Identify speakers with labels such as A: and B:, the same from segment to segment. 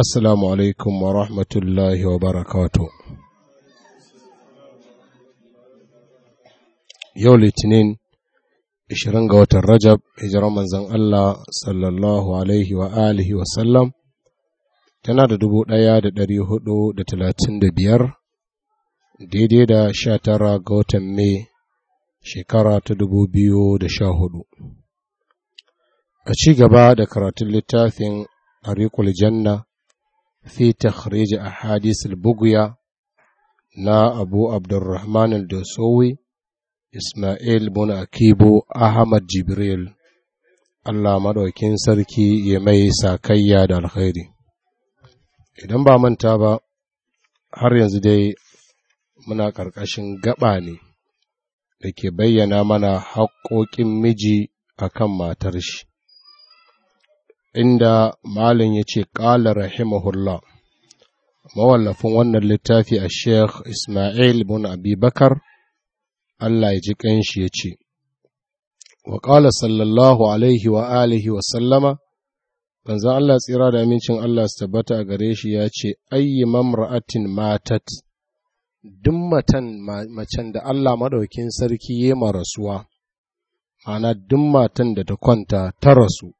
A: Assalamu alaikum wa rahmatullahi wa barakatu. Yau Litinin, ishirin ga watan Rajab, hijirar manzan Allah sallallahu Alaihi wa alihi wa sallam, tana da talatin da biyar, daidai da sha tara ga watan Mai shekara ta dubu biyu da sha hudu. A ci gaba da karatun littafin Ariƙul Janna, fi takhrij ahadis al-bughya na Abu Abdulrahman al-Dosowi Ismail bin Akibo Ahmad Jibril Allah madaukin sarki ya mai sakayya da alkhairi idan ba manta ba har yanzu dai muna ƙarƙashin gaɓa ne da ke bayyana mana haƙoƙin miji akan matar shi inda malin ya ce ƙala rahimahullah mawallafin wannan littafi a sheikh ismail bin abubakar allah ya ji ƙanshi ya ce wa ƙala sallallahu alaihi wa alihi wa sallama banzan allah tsira da amincin allah su tabbata a gare shi ya ce ayi mamra'atin matat duk matan macen da allah maɗaukin sarki ya rasuwa ma'ana duk matan da ta kwanta ta rasu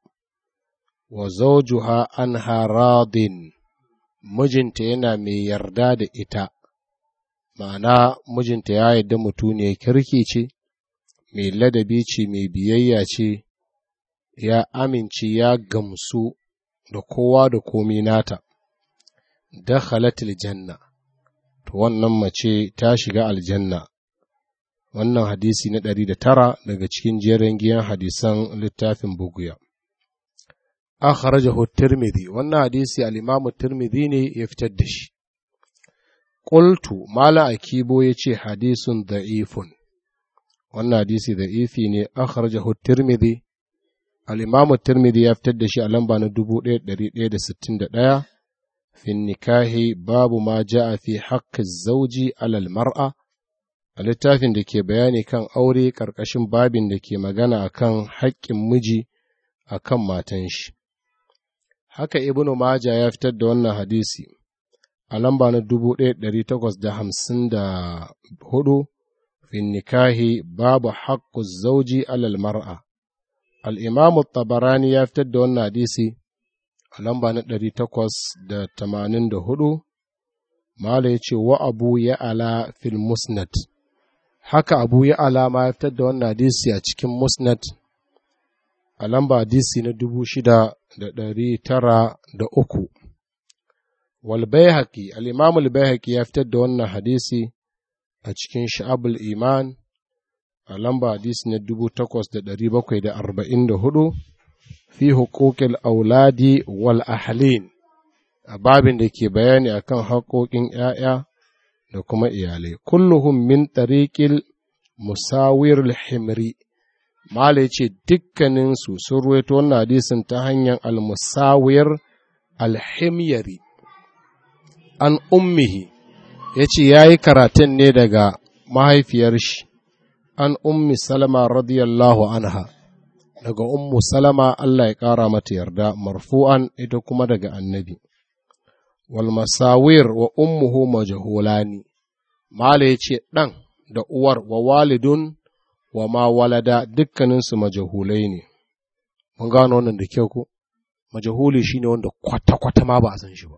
A: wa zawjuha anha radin mijinta yana mai yarda da ita ma'ana mijinta ya yarda mutuniyar kirki ce mai ladabi ce mai biyayya ce ya amince ya gamsu da kowa da komi nata dakhalatil janna to wannan mace ta shiga aljanna wannan hadisi na ɗari da tara daga cikin jerin giyan hadisan littafin buguya akhrajahu at-tirmidhi wannan hadisi al-imam ne ya fitar da shi qultu mala akibo yace hadisun da'ifun wannan hadisi da'ifi ne akhrajahu at-tirmidhi al-imam ya fitar da shi a lamba na 1161 fi nikahi babu ma ja'a fi haqqi az-zawji 'ala al-mar'a a littafin da ke bayani kan aure ƙarƙashin babin da ke magana akan haƙƙin miji akan matan shi haka ibnu maja ya fitar da wannan hadisi a lamba na 1854 fin nikahi babu haƙƙu zauji alal mar'a al'imamu tabarani ya fitar da wannan hadisi a lamba na 884 mala ya ce wa abu ya ala fil musnad haka abu ya ala ma ya fitar da wannan hadisi a cikin musnad a lamba hadisi na 6,000 da ɗari tara da uku. Walbaihaki, al’imamu Baihaki ya fitar da wannan hadisi a cikin sha'abul iman a lamba hadisi na dubu takwas da ɗari bakwai da arba'in da hudu fi hukukin auladi wal ahalin a babin da ke bayani a kan haƙoƙin ‘ya'ya da kuma iyalai, kullum min tariƙil musawir himri mala ya ce dukkaninsu sun ruwaito wannan hadisin ta hanyar almusawiyar alhimyari an ummihi ya ce ya yi karatun ne daga mahaifiyar shi an ummi salama radiyallahu anha daga ummu salama Allah ya ƙara mata yarda marfu'an ita kuma daga annabi wal wa ummuhu majahulani mala ya ce ɗan da uwar wa walidun wa ma walada dukkaninsu majahulai ne mun gano wannan da kyau ko majahuli shine wanda kwata-kwata ma ba a san shi ba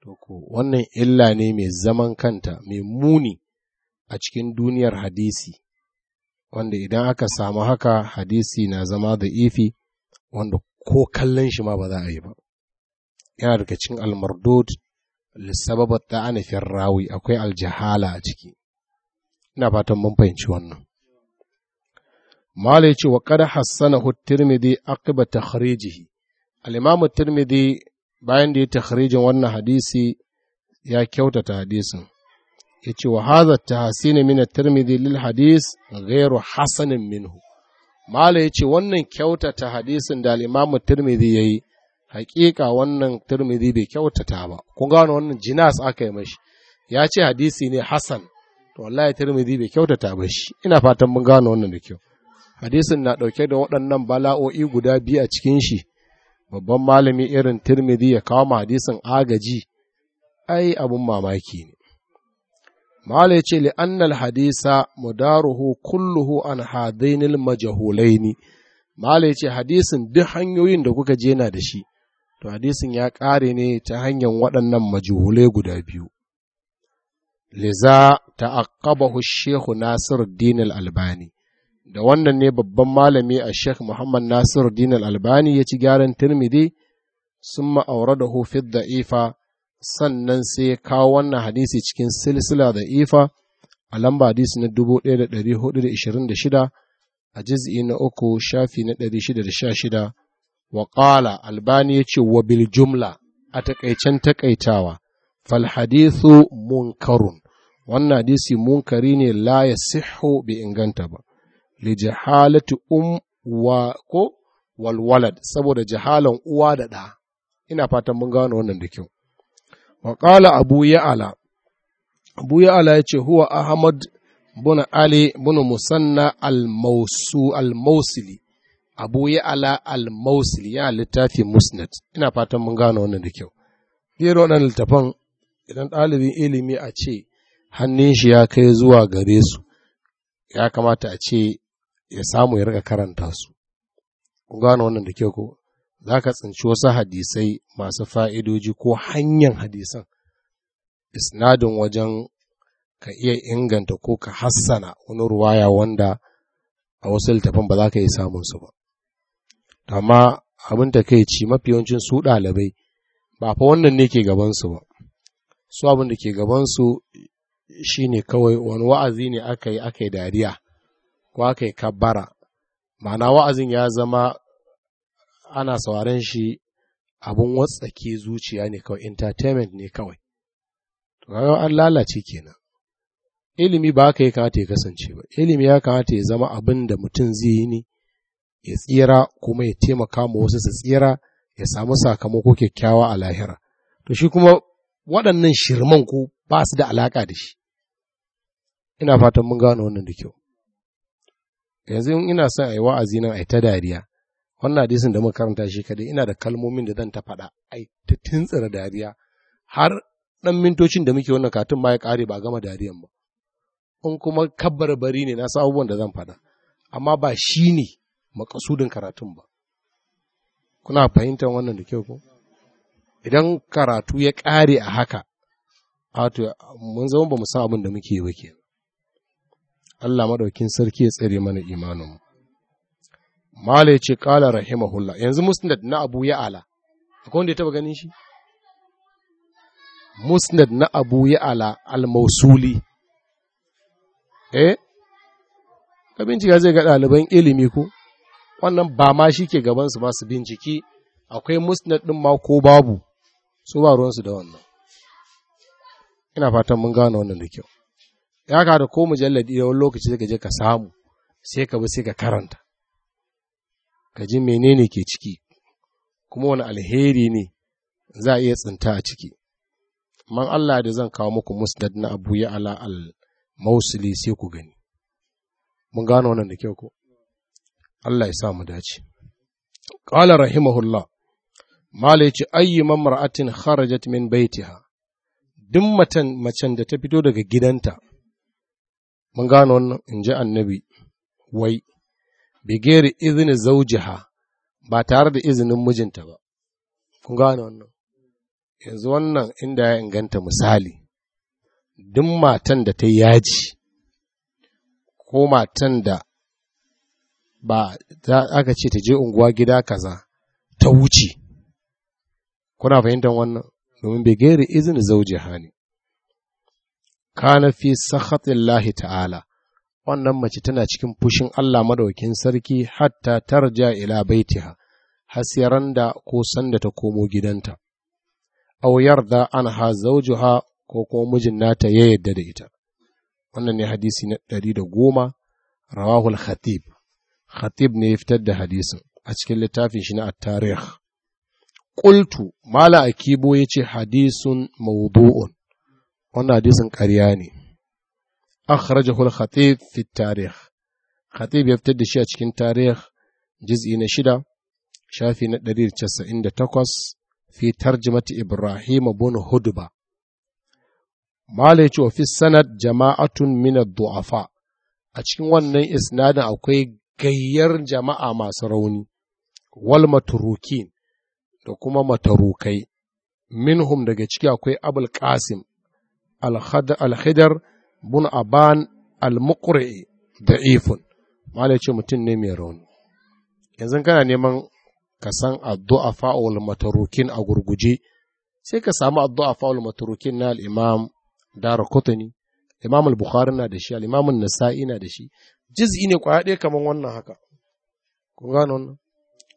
A: to ko wannan illa ne mai zaman kanta mai muni a cikin duniyar hadisi wanda idan aka samu haka hadisi na zama da ifi wanda ko kallon shi ma ba za a yi ba yana daga cikin almardod lissababar da rawi akwai aljihala a ciki ina fatan mun fahimci wannan Mala ya ce wa kada hassana tirmidhi akiba takhrijihi. Al'imamu tirmidhi bayan da ya takhrijin wannan hadisi ya kyautata hadisi Ya ce wa haza tahsini min tirmidhi lil hadis gairu hasanin minhu. Mala ya ce wannan kyautata hadisin da al'imamu tirmidhi ya yi, hakika wannan tirmidhi bai kyautata ba. Kun gano wannan jinas aka yi mashi. Ya ce hadisi ne hasan, to wallahi tirmidhi bai kyautata ba shi. Ina fatan mun gano wannan da kyau. hadisin na ɗauke da waɗannan bala'o'i guda biyu a cikin shi babban malami irin tirmidhi ya kawo ma hadisin agaji ai abin mamaki ne mala ya ce li'annal hadisa mudaruhu kulluhu an hadainil majahulaini mala ya ce hadisin duk hanyoyin da kuka jena da shi to hadisin ya ƙare ne ta hanyar waɗannan majahulai guda biyu liza ta'aqqabahu shehu nasir dinil albani da wannan ne babban malami a Sheikh Muhammad Nasiru, Din albani ya ci gyaran Tirmidhi sun ma'aura da hufid da sannan sai ya kawo wannan hadisi cikin silsila da ifa a lamba hadisi na 1426 a jiz'i na uku shafi na 616 wa ƙala albani ya ce wa bil jumla a takaicen takaitawa fal hadithu munkarun wannan hadisi munkari ne la ya bi bai inganta ba li jahalati um wa ko walwalad saboda jahalan uwa da ɗa ina fatan mun gano wannan da kyau wa qala abu ya'ala abu ya'ala yace huwa ahmad bin ali bin musanna al-mausu al-mausili abu ya'ala al-mausili ya littafi musnad ina fatan mun gano wannan da kyau biyar waɗannan littafan idan ɗalibin ilimi a ce hannun shi ya kai zuwa gare su ya kamata a ce ya samu ya riga karanta su kun gane wannan da kyau ko za ka tsinci wasu hadisai masu fa'idoji ko hanyar hadisan isnadin wajen ka iya inganta ko ka hassana wani ruwaya wanda a wasu littafin ba za ka yi samunsu ba amma abin ta kai ci mafi yawancin su ɗalibai ba fa wannan ne ke gabansu ba su abin da ke gabansu shi ne kawai wani wa'azi ne aka yi aka yi dariya ko aka yi kabbara ma'ana wa'azin ya zama ana sauraren shi abun watsake zuciya ne kawai entertainment ne kawai to kaga an lalace kenan ilimi ba ka ya kamata ya kasance ba ilimi ya kamata ya zama abin da mutum zai yi ne ya tsira kuma ya taimaka ma wasu su tsira ya samu sakamako kyakkyawa a lahira to shi kuma waɗannan shirman ko ba su da alaƙa da shi ina fatan mun gano wannan da kyau yanzu ina son a yi wa'azi nan a ta dariya wannan hadisin da makaranta shi kadai ina da kalmomin da zan ta faɗa ai ta tuntsira dariya har ɗan mintocin da muke wannan katun ma ya ƙare ba gama dariyan ba in kuma kabbar bari ne na sa abubuwan da zan faɗa amma ba shi ne makasudin karatun ba kuna fahimtar wannan da kyau ko idan karatu ya ƙare a haka wato mun zama ba mu san abin da muke yi ba kenan Allah maɗaukin sarki ya tsere mana imanin Mala ce ƙala rahimahullah yanzu musnad na Abu ala akwai wanda ya taba ganin shi musnad na Abu almasuli, al-Mausuli eh ka bincika zai ga ɗaliban ilimi ko wannan ba ma shi ke gabansu masu su binciki akwai musnad ɗin ma ko babu su ba ruwansu da wannan ina fatan mun gane wannan da kyau ya ka da ko mujalladi da wani lokaci zaka je ka samu sai ka bi sai ka karanta ka ji menene ke ciki kuma wani alheri ne za a iya tsinta a ciki man Allah da zan kawo muku musnad na Abu Ya'la al-Mausili sai ku gani mun gano wannan da kyau ko Allah ya sa mu dace qala rahimahullah mala yace mamra'atin kharajat min baitiha duk macen da ta fito daga gidanta mun gano wannan in ji annabi wai bigeri izini zaujiha ba tare da izinin mijinta ba kun gano wannan yanzu wannan inda ya inganta misali duk matan da ta yaji ko matan da ba za aka ce ta je unguwa gida kaza ta wuce kuna fahimtar wannan domin bigeri izini izini zauje ne. kana fi sakhatillahi ta'ala wannan mace tana cikin fushin Allah madaukin sarki hatta tarja ila baitiha hasiran da ko sanda ta komo gidanta auyar ha an ha, ko kuma mijin nata ya yadda da ita wannan ne hadisi na ɗari da goma rawahul khatib khatib ne ya fitar da hadisin a cikin littafin shi na at-tarikh Kultu mala akibo ce hadisun maudu'un wannan hadisin ƙarya ne akhrajahu hul khatib fi tarikh khatib ya fitar da shi a cikin tarikh juz'i na shida shafi na 198 fi tarjumati ibrahim ibn hudba mala fi sanad jama'atun min ad-du'afa a cikin wannan isnadin akwai gayyar jama'a masu rauni wal maturukin da kuma matarukai minhum daga ciki akwai abul qasim alhidar bun aban al-muqri da ifun mala ce mutum ne mai rauni yanzu kana neman ka san addu'a fa'ul matarukin a gurguje sai ka samu addu'a fa'ul matarukin na al'imam dara kotuni imam al-bukhari na da shi al-imam nasa'i na da shi jiz'i ne kwaya ɗaya kamar wannan haka ku gano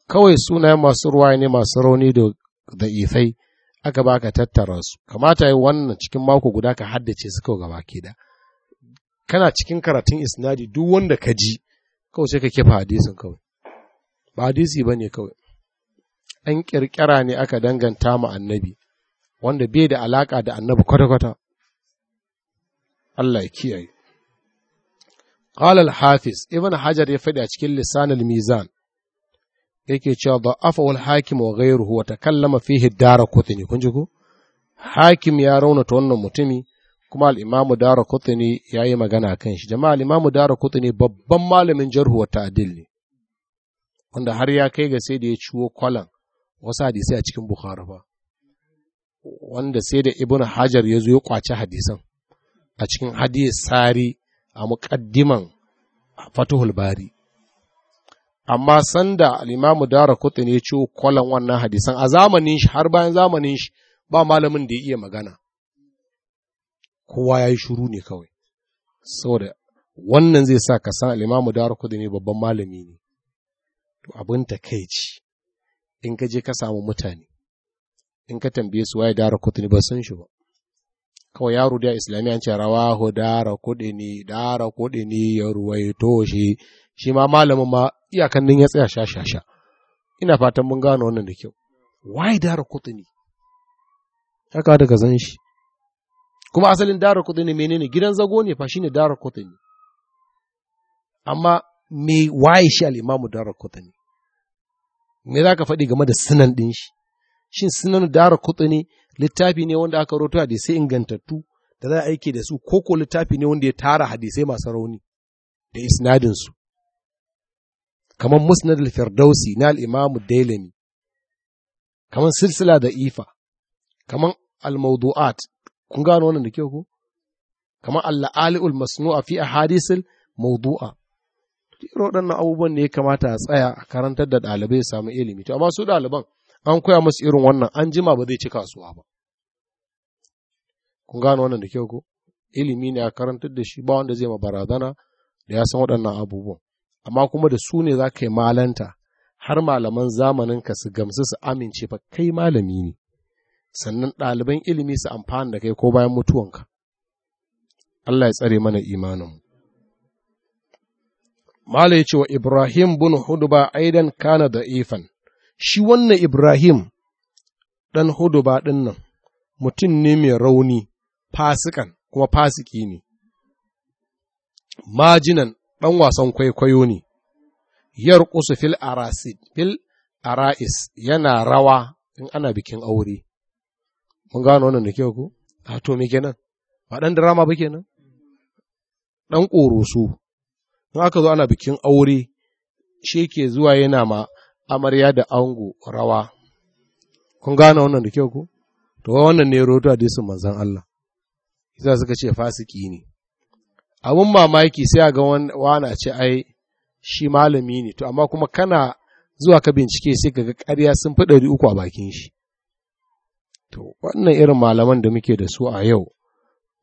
A: kawai sunayen masu ruwa ne masu rauni da ifai aka ba ka tattara su kamata yi wannan cikin mako guda ka haddace su kawai gaba ke da kana cikin karatun isnadi duk wanda ka ji kawai sai ka kefa hadisin kawai ba hadisi ba ne kawai an kirkira ne aka danganta ma annabi wanda bai da alaka da annabi kwata-kwata Allah ya kiyaye qala al-hafiz ibn hajar ya faɗi a cikin lisan mizan yake cewa ba afawul hakim wa ghairuhu wa takallama fihi dara kutni kun ji ko hakim ya raunata wannan mutumi kuma al-imamu dara kutni ya yi magana kan shi jama'a al-imamu dara babban malamin jarhu wa ta'dil ne wanda har ya kai ga sai da ya ciwo kwalan wasu hadisai a cikin bukhari ba wanda sai da ibn hajar ya zo ya kwaci hadisan a cikin hadisi sari a muqaddiman fatuhul bari amma sanda al'imamu dara kutun ya ciwo kwallon wannan hadisan a zamanin shi har bayan zamanin shi ba malamin da ya iya magana kowa ya yi shuru ne kawai saboda wannan zai sa ka san al'imamu dara kutun ne babban malami ne to abin ta kai ci in ka je ka samu mutane in ka tambaye su waye dara ne ba san shi ba kawai yaro da islamiyan ce rawahu dara ne dara ne ya ruwaito shi shi ma malamin ma iyakan nan ya tsaya sha sha sha ina fatan mun gano wannan da kyau why dara kutuni haka daga zan shi kuma asalin dara kutuni menene gidan zago ne fa shine dara kutuni amma me waye shi al-imamu dara kutuni me zaka faɗi game da sunan din shi shin sunan dara kutuni littafi ne wanda aka roto hadisai ingantattu da za a aike da su koko littafi ne wanda ya tara hadisai masu rauni da isnadinsu kamar musnad al-firdausi na al-imamu dailami kamar silsila da ifa kamar al-mawdu'at kun gano wannan da kyau ko kamar al ul masnu'a fi ahadisil mawdu'a irin waɗannan abubuwan ne ya kamata a tsaya a karantar da ɗalibai ya samu ilimi to amma su ɗaliban an koya musu irin wannan an jima ba zai ci kasuwa ba kun gano wannan da kyau ko ilimi ne a karantar da shi ba wanda zai ma barazana da ya san waɗannan abubuwan amma kuma da su ne za ka yi malanta har malaman zamanin ka su gamsu su amince fa kai malami ne sannan ɗaliban ilimi su amfani da kai ko bayan mutuwanka Allah ya tsare mana imaninmu Mala ya ce wa Ibrahim bin Huduba aidan kana da ifan, shi wannan Ibrahim ɗan Huduba ɗin nan mutum ne mai rauni, fasikan kuma fasiki ne, majinan ɗan wasan kwaikwayo ne, yar ƙusu fil arasid, ara'is yana rawa in ana bikin aure. Mun gano wannan da kyau ku? A to me kenan? Ba ɗan drama ba kenan? Ɗan ƙoroso. In aka zo ana bikin aure, shi ke zuwa yana ma amarya da ango rawa. Kun gano wannan da kyau ku? To wannan ne roto hadisin manzan Allah. Isa suka ce fasiki ne. abun mamaki sai a ga wana ce ai shi malami ne to amma kuma kana zuwa ka bincike sai ka ga ƙarya sun fi ɗari uku a bakin shi to wannan irin malaman da muke da su a yau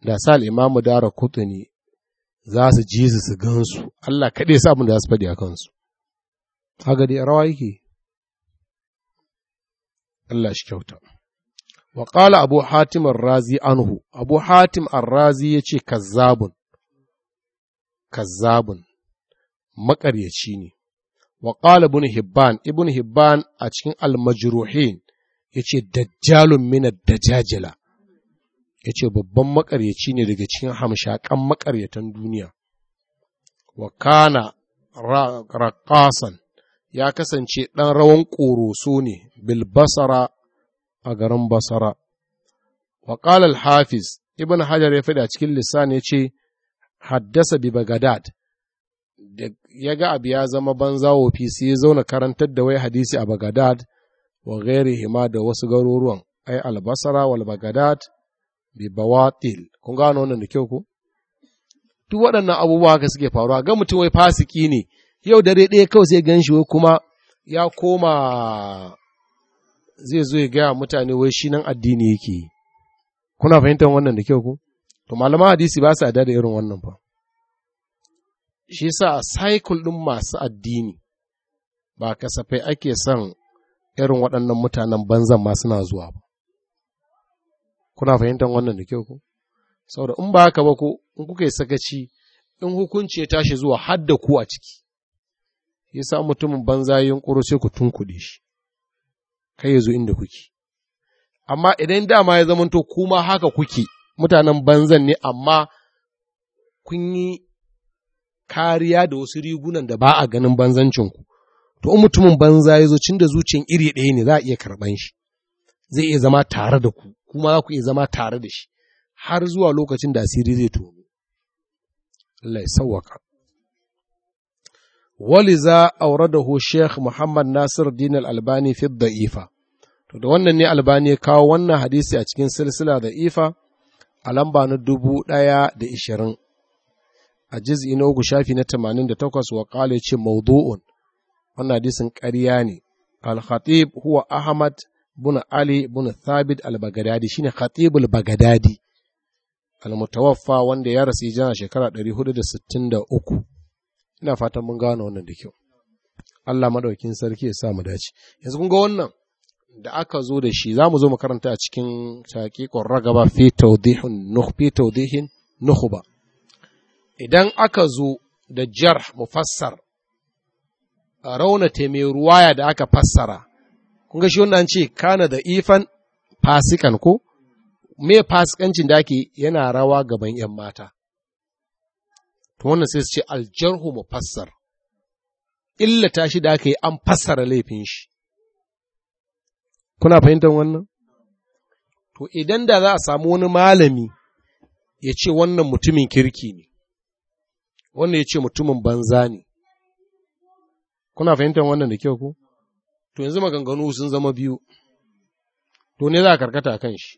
A: da sal imamu dara kutuni za su ji su su gansu Allah kaɗai sa abin da za su faɗi a kansu haka dai rawa yake Allah shi kyauta wa ƙala abu hatim arrazi razi anhu abu hatim arrazi razi ce kazzabun kazzabun maƙaryaci ne wa qala ibn hibban ibn hibban a cikin al-majruhin yace dajjalun min ad-dajajila yace babban maƙaryaci ne daga cikin hamshakan maƙaryatan duniya wa kana raqasan ya kasance ɗan rawan ƙoroso ne bil basara a garin basara wa qala al-hafiz ibn hajar ya faɗi a cikin lisan yace haddasa bi bagadad da ya ga abu ya zama banza wofi sai ya zauna karantar da wai hadisi a bagadad wa hima da wasu garuruwan ai albasara wal bagadad bi bawatil kun gano wannan da kyau ko duk waɗannan abubuwa ka suke faruwa ga mutum wai fasiki ne yau dare ɗaya kawai sai gan shi kuma ya koma zai zo ya gaya mutane wai shi nan addini yake kuna fahimtar wannan da kyau ku To malaman hadisi ba su da irin wannan fa. Shi sa a cycle ɗin masu addini ba kasafai ake son irin waɗannan mutanen banzan ma suna zuwa ba. Kuna fahimtar wannan da kyau ku? Saboda in ba haka ba ko in kuka yi sakaci in hukunci ya tashi zuwa hadda ku a ciki. Ya sa mutumin banza yunƙuro sai ku tunkuɗe shi, kai ya zo inda kuke. Amma idan dama ya zamanto kuma haka kuke, mutanen banzan ne amma kun yi kariya da wasu rigunan da ba a ganin banzancinku to in mutumin banza ya zo cin da zuciyan iri ɗaya ne za a iya karɓan shi zai iya zama tare da ku kuma za ku iya zama tare da shi har zuwa lokacin da asiri zai tono Allah ya a ولذا Sheikh Muhammad Nasir Muhammad Nasiru الألباني da Ifa, to da wannan ne albani ya kawo wannan hadisi a cikin silsila da ifa a lamba na dubu ɗaya da ishirin a jiz'i na uku shafi na tamanin da takwas wa ƙala ce maudu'un wannan hadisin ƙarya ne al-khatib huwa ahmad bin ali bin thabit al-bagadadi shine khatib al-bagadadi al wanda ya rasu jana shekara 463 ina fatan mun gano wannan da kyau Allah madaukin sarki ya sa mu dace yanzu kun ga wannan da aka zo da shi za mu zo makaranta a cikin taƙiƙon ragaba fi taudihin ba. idan aka zo da jar mufassar a raunata mai ruwaya da aka fassara kun ga shi wannan ce kana da ifan fasikan ko me fasikancin da ake yana rawa gaban 'yan mata to wannan sai su ce aljarhu mufassar illata shi da aka yi an fassara laifin shi Kuna fahimtar wannan? To, idan da za a samu wani malami ya ce wannan mutumin kirki ne, wannan ya ce mutumin banza ne, kuna fahimtar wannan da kyau ku? To, yanzu maganganu sun zama biyu, to ne za a karkata kan shi.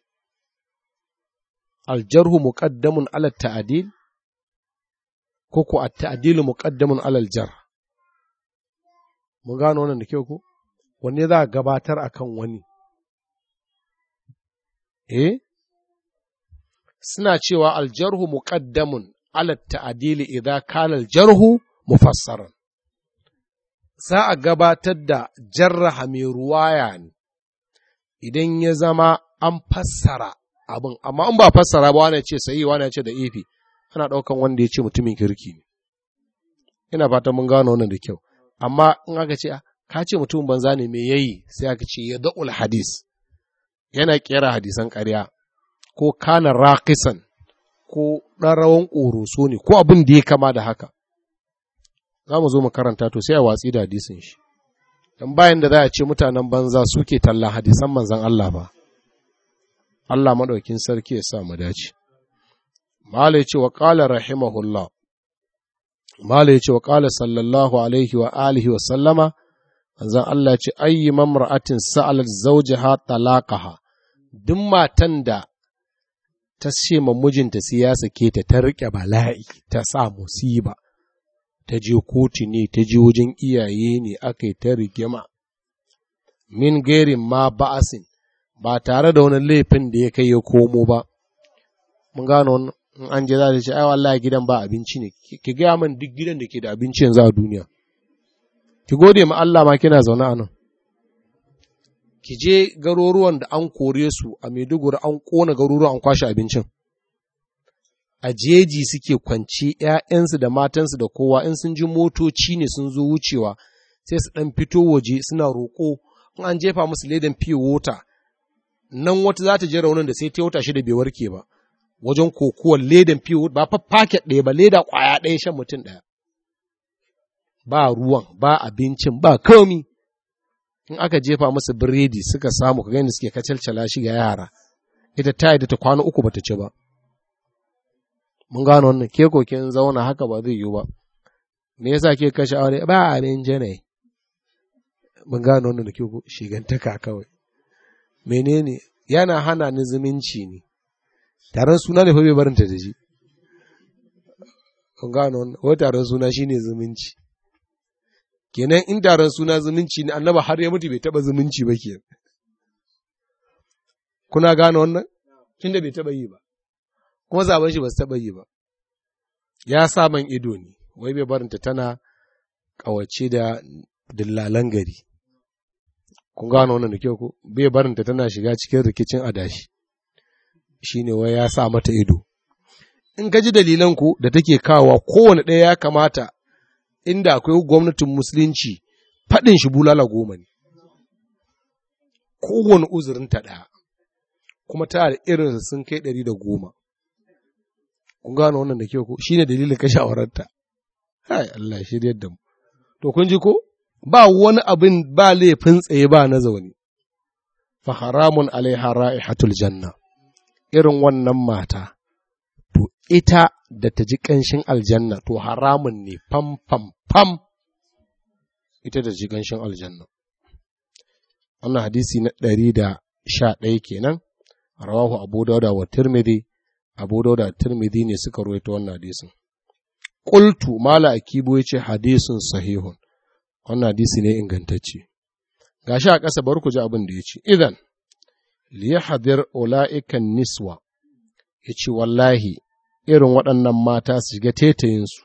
A: Aljarhu muƙaddamun alal ta'adil, ko ku a ta'adilu muƙaddamun alal jar. Mun gano wannan da kyau ku? Wanne za a gabatar a kan wani? eh suna cewa aljarhu muqaddamun ala ta'dili idza kana aljarhu mufassaran za a gabatar da jarraha mai ruwaya ne idan ya zama an fassara abin amma in ba fassara ba wani ce sayi wani ce da ifi ana ɗaukan wanda ya ce mutumin kirki ne ina fatan mun gano wannan da kyau amma in aka ce ah, ka ce mutumin banza ne me yayi sai aka ce ya da'ul hadis yana kera hadisan ƙarya ko kana rakisan ko ɗan rawan ƙoroso ne ko abin da ya kama da haka za mu zo mu karanta to sai a watsi da hadisin shi dan bayan da za a ce mutanen banza suke talla hadisan manzan Allah ba Allah maɗaukin sarki ya sa mu dace mala ce wa wa ƙala sallallahu alaihi wa alihi wa sallama zan Allah ce ayyi mamra'atin sa'alat zawjaha talaqaha duk matan da ta ce ma mijinta sai ya sake ta ta riƙe bala'i ta sa musiba ta je koti ne ta je wajen iyaye ne aka yi ta rigima min gairin ma ba'asin ba tare da wani laifin da ya kai ya komo ba mun gano in an je za ta ce ai wallahi gidan ba abinci ne ki gaya min duk gidan da ke da abinci yanzu a duniya ki gode ma Allah ma kina zaune a nan ki je garuruwan da an kore su a Maiduguri an kona garuruwan an kwashe abincin. A jeji suke kwanci ‘ya'yansu da matansu da kowa in sun ji motoci ne sun zo wucewa sai su ɗan fito waje suna roƙo in an jefa musu ledan fiye wota nan wata za ta je raunin da sai ta wata shida bai warke ba wajen kokuwar ledan fiye wota ba fa paket ɗaya ba leda kwaya ɗaya shan mutum ɗaya. Ba ruwan, ba abincin, ba komi. in aka jefa masa biredi suka samu ka gani suke kacalcala shi ga yara ita ta da ta kwana uku bata ci ba mun gano wannan ke ko kin zauna haka ba zai yiwu ba me yasa ke kashe aure ba abin jene mun gano wannan da ke ko shigantaka kawai menene yana hana ni zumunci ne taron suna ne fa bai barinta da shi Mun gano wannan wai taron suna shine zumunci kenan in daren suna zumunci ne annaba har ya mutu bai taba zumunci ba kenan kuna gane wannan tunda bai taba yi ba kuma zaben shi ba su taba yi ba ya sa man ido ne wai bai barinta tana kawace da dillalan gari kun gane wannan da kyau ko bai barinta tana shiga cikin rikicin adashi shine wai ya sa mata ido in ka ji dalilan ku da take kawa kowane ɗaya ya kamata inda akwai gwamnatin musulunci faɗin shi bulala goma ne kowane uzurin ta ɗaya kuma ta da irinsa sun kai ɗari da goma kun gano wannan da kyau ko shi ne dalilin kashe shawararta hai Allah shi da mu to kun ji ko ba wani abin ba laifin tsaye ba na zaune fa haramun alaiha ra'ihatul janna irin wannan mata to ita da ta ji ƙanshin aljanna to haramun ne fam fam fam ita da ji ƙanshin aljanna wannan hadisi na ɗari da sha ɗaya kenan rawahu abu dauda wa tirmidhi abu dauda tirmidhi ne suka ta wannan hadisin qultu mala akibu yace hadisin sahihun wannan hadisi ne ingantacce gashi a ƙasa bar ku ji abin da yace idan li yahdir ulaikan niswa yace wallahi irin waɗannan mata su shiga tetayinsu.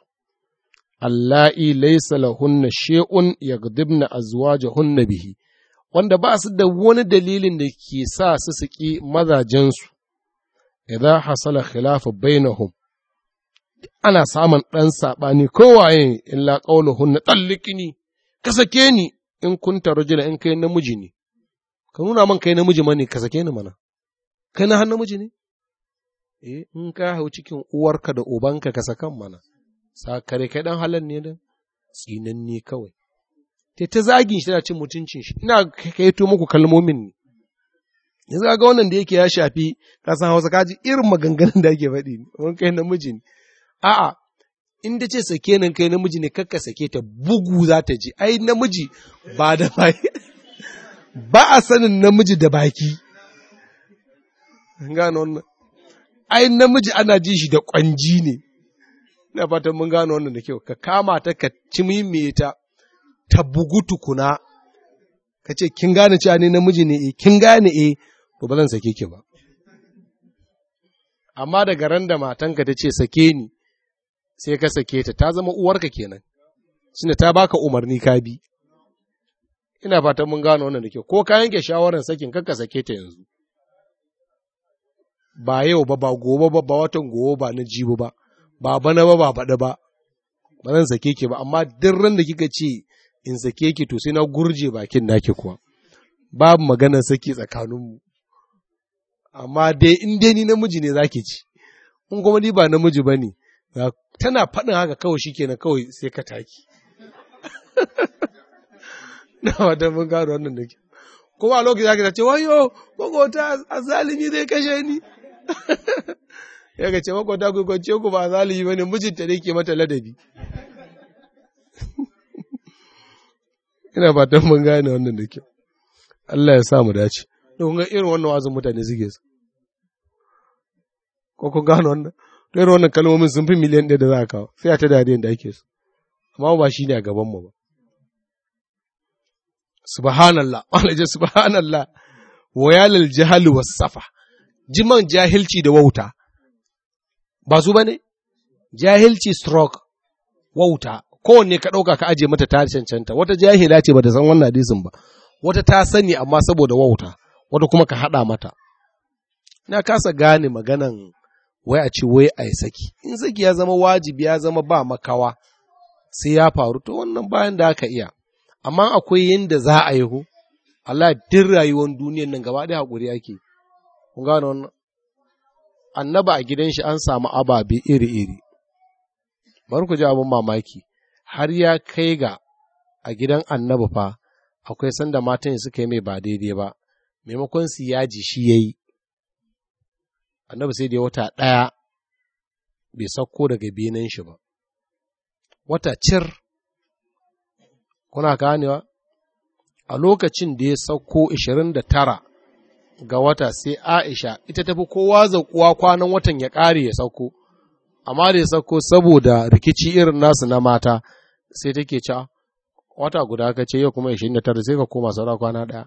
A: Allah’i laisa lahunna she'un ya gudubna hunna bihi, wanda ba su da wani dalilin da ke sa su suƙi mazajensu, idan hasala khilafa bainahum ana samun ɗan saɓani kowaye illa ƙaunahunna tsallikini, ka sake ni in kunta jina in kai namiji ne, ka nuna man kai namiji mani ka sake ni mana, kai na har namiji ne? E, in ka hau cikin uwarka da ubanka ka sakan mana kare kai ɗan halar ne dan tsinanni kawai te ta zagin shi tana cin mutuncin shi ina kaito muku kalmomin ne yanzu ga wannan da yake ya shafi kasan Hausa kaji irin maganganun da ake faɗi wani kai namiji ne a'a in da ce sake nan kai namiji ne kakka sake ta bugu za ta ji ai namiji ba da baki ba a sanin namiji da baki gano wannan ai namiji ana ji shi da ƙwanji ne ina fatan mun gano wannan da kyau ka kama ta ka cimime ta ta bugu tukuna ka ce kin gane cewa ne namiji ne eh kin gane eh to ba zan sake ki ba amma daga ran da matanka ta ce sake ni sai ka sake ta ta zama uwarka kenan shine ta baka umarni ka bi ina fatan mun gano wannan da kyau ko ka yanke shawaran sakin kakka sake ta yanzu ba yau ba ba gobe ba ba watan gobe ba na jibo ba ba bana ba ba baɗi ba ba zan sake ki ba amma duk ran da kika ce in sake ki to sai na gurje bakin naki kuwa babu magana saki tsakaninmu amma dai in dai ni namiji ne zaki ci in kuma ni ba namiji ba ne tana faɗin haka kawai shi kenan kawai sai ka taki na wata mun gano wannan da ke kuma a lokacin zaki ta ce wayo magota a zalimi zai kashe ni yaga ce makwata ku kwance ku ba zalibi ne mijinta ne ke mata ladabi ina fatan mun gane wannan da kyau Allah ya sa mu dace don ga irin wannan wazin mutane zige su ko kun gane wannan to irin wannan kalmomin sun fi miliyan ɗaya da za a kawo sai a ta dariyan da ake su amma ba shi ne a gaban mu ba subhanallah wala je subhanallah wayalal jahal was safa jiman jahilci da wauta, ba su ba ne? Jahilci stroke wauta, kowanne ka ɗauka ka ajiye mata ta cancanta, wata jahila ce ba da san wannan hadisin ba, wata ta sani amma saboda wauta, wata kuma ka haɗa mata. Na kasa gane maganan wai a ce wai a yi saki, in saki ya zama wajibi ya zama ba makawa sai ya faru, to wannan bayan da aka iya, amma akwai yadda za a yi ko, Allah duk rayuwar duniyar nan gaba ɗaya haƙuri ake yi. Kun gano wannan? Annaba a gidan shi an samu ababe iri-iri. Bari ku ji abin mamaki, har ya kai ga a gidan annaba fa akwai sanda matan suka yi mai ba daidai ba, maimakon su yaji shi ya yi. Annabi sai dai wata ɗaya bai sauko daga benen shi ba. Wata cir, kuna ganewa? A lokacin da ya sauko 29 ga wata sai Aisha ita tafi kowa zaƙuwa kwanan watan ya ƙare ya sauko, amma da ya sauko saboda rikici irin nasu na mata sai take ci wata guda ka ce yau kuma 29 sai ka koma saura kwana ɗaya.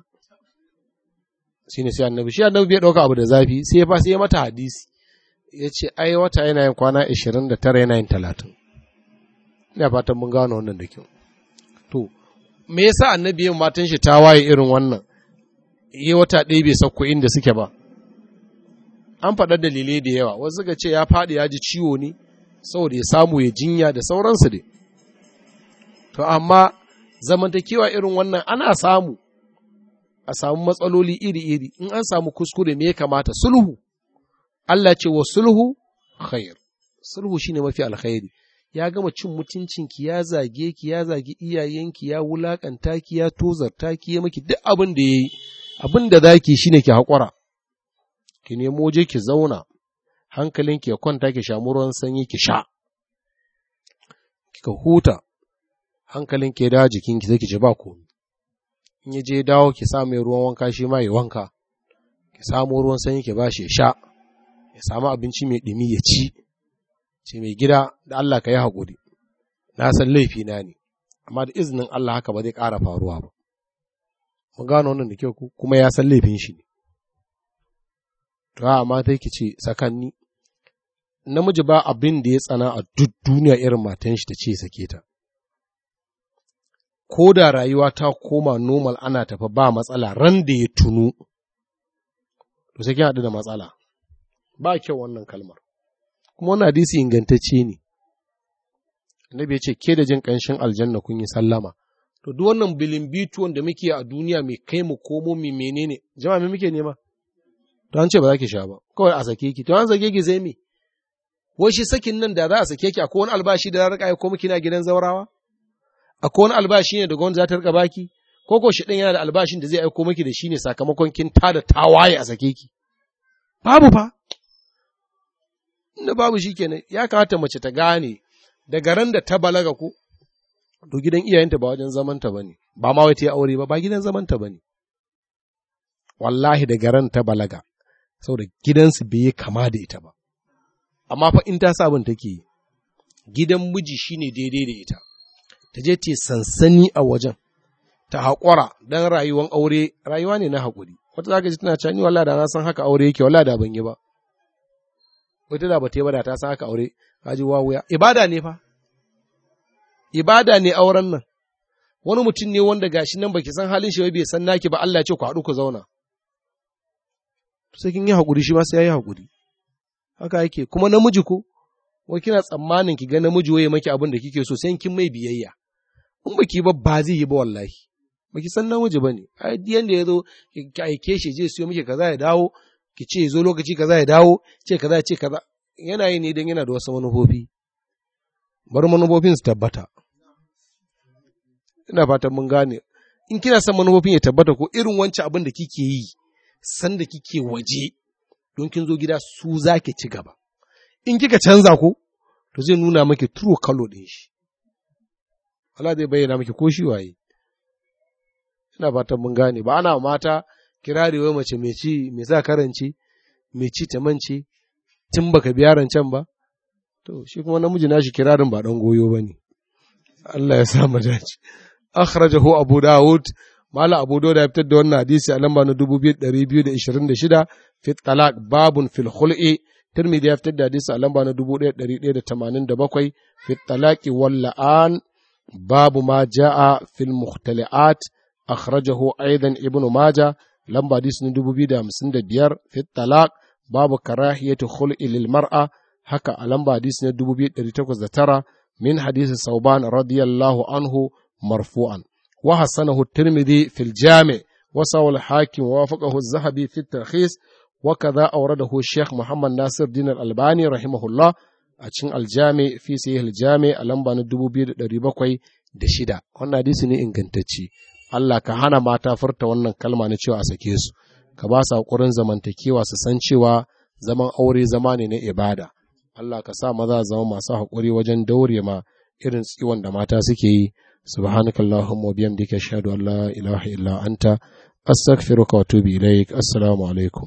A: Shi ne sai annabi, shi annabi bai ɗauka abu da zafi sai ya fasa ya mata hadisi ya ce ai wata yana yin kwana 29 yana yin 30. Ina fatan mun gano wannan da kyau. To, me yasa annabi yin matan shi ta waye irin wannan? yi wata ɗaya bai sauko inda suke ba an faɗa dalilai da yawa wasu suka ce ya faɗi ya ji ciwo ne saboda ya samu ya jinya da sauransu dai to amma zamantakewa irin wannan ana samu a samu matsaloli iri-iri in an samu kuskure me ya kamata sulhu Allah ce wa sulhu khair sulhu shine mafi alkhairi ya gama cin mutuncinki ya zage ki ya zage iyayenki ya wulakanta ki ya tozarta ki ya maki duk abin da yayi abin da za ki shine ki haƙura ki nemo je ki zauna hankalinki ya kwanta ki shamu ruwan sanyi ki sha kika huta hankalinki ya dawo jikinki zai ki ji ba komai in ya je dawo ki sa mai ruwan wanka shi ma ya wanka ki samu ruwan sanyi ki ba shi ya sha ya samu abinci mai ɗumi ya ci ce mai gida da Allah ka yi haƙuri na san laifi na ne amma da izinin Allah haka ba zai ƙara faruwa ba mun gano wannan da kyau ku kuma ya san laifin shi ne to a mata ce sakanni namiji ba abin da ya tsana a duk duniya irin matan shi ta ce sake ta ko da rayuwa ta koma normal ana tafa ba matsala ran da ya tunu to sai haɗu da matsala ba kyau wannan kalmar kuma wannan hadisi ingantacce ne annabi ya ce ke da jin ƙanshin aljanna kun yi sallama to duk wannan bilimbituwan da muke a duniya mai kai mu komo mai menene jama'a me muke nema to an ce ba za ki sha ba kawai a sake ki to an sake ki sai me wai shi sakin nan da za a sake ki akwai wani albashi da za rika aiko miki na gidan zaurawa akwai wani albashi ne da gwamnati za ta rika baki ko ko shi din yana da albashin da zai aiko miki da shi ne sakamakon kin da tawaye a sake ki babu fa inda babu shi kenan ya kamata mace ta gane daga ran da ta balaga ko to gidan iyayenta ba wajen zamanta ba ne, ba ma wai ta yi aure ba, ba gidan zamanta ba ne. Wallahi da garan ta balaga, saboda gidansu bai yi kama da ita ba. Amma fa in ta sabon take yi, gidan miji shine daidai da ita, ta je ce sansani a wajen, ta haƙura don rayuwan aure, rayuwa ne na haƙuri. Wata za ka ji tana cani wala da na san haka aure yake wala da ban yi ba. Wata da ba ta yi ba da ta san haka aure, ka ji wawuya. Ibada ne fa, ibada ne auren nan wani mutum ne wanda gashi nan baki san halin shi bai san naki ba Allah ya ce ku haɗu ku zauna sai kin yi hakuri shi ma sai ya yi hakuri haka yake kuma namiji ko wai kina tsammanin ki ga namiji waye maki abin da kike so sai kin mai biyayya in baki ba ba zai yi ba wallahi baki san namiji bane ai diyan da yazo ki aike shi je siyo miki kaza ya dawo ki ce zo lokaci kaza ya dawo ce kaza ce kaza yana yi ne dan yana da wasu manufofi bar manufofin su tabbata ina fatan mun gane in kina son manufofin ya tabbata ko irin wancan abin da kike yi sanda kike waje don kin zo gida su zake ci gaba in kika canza ko to zai nuna miki turo kalo din shi Allah zai bayyana miki ko shi waye ina fatan mun gane ba ana mata kirari wai mace mai ci mai sa karance mai ci ta mance tun baka biya can ba to shi kuma namiji nashi kirarin ba dan goyo bane Allah ya sa mu dace akhrajahu abu dawud mala abu dawud ya fitar da wannan hadisi a lamba na 2226 fi talaq babun fil khul'i tirmidhi ya fitar da hadisi a lamba na 1187 fi talaqi wal la'an babu ma jaa fil mukhtali'at akhrajahu aidan ibnu Maja, lamba hadisi na 2055 fi talaq babu karahiyatu khul'i lil mar'a haka a lamba hadisi na 2809 min hadisi sauban radiyallahu anhu marfu'an wa hasanahu tirmidhi fil jami' wa sawal hakim wa wafaqahu az-zahabi fi tarhis wa kadha awradahu shaykh muhammad nasir din al-albani rahimahullah a cikin al-jami fi sahih al-jami a lamba na 2706 wannan hadisi ne ingantacce Allah ka hana mata furta wannan kalma na cewa a sake su ka ba su hakurin zamantakewa su san cewa zaman aure zama ne na ibada Allah ka sa maza zama masu haƙuri wajen daure ma irin tsiwon da mata suke yi subhanakallahumma wa da ashhadu an la ilaha illa anta astaghfiruka wa atubu ilaik assalamu alaikum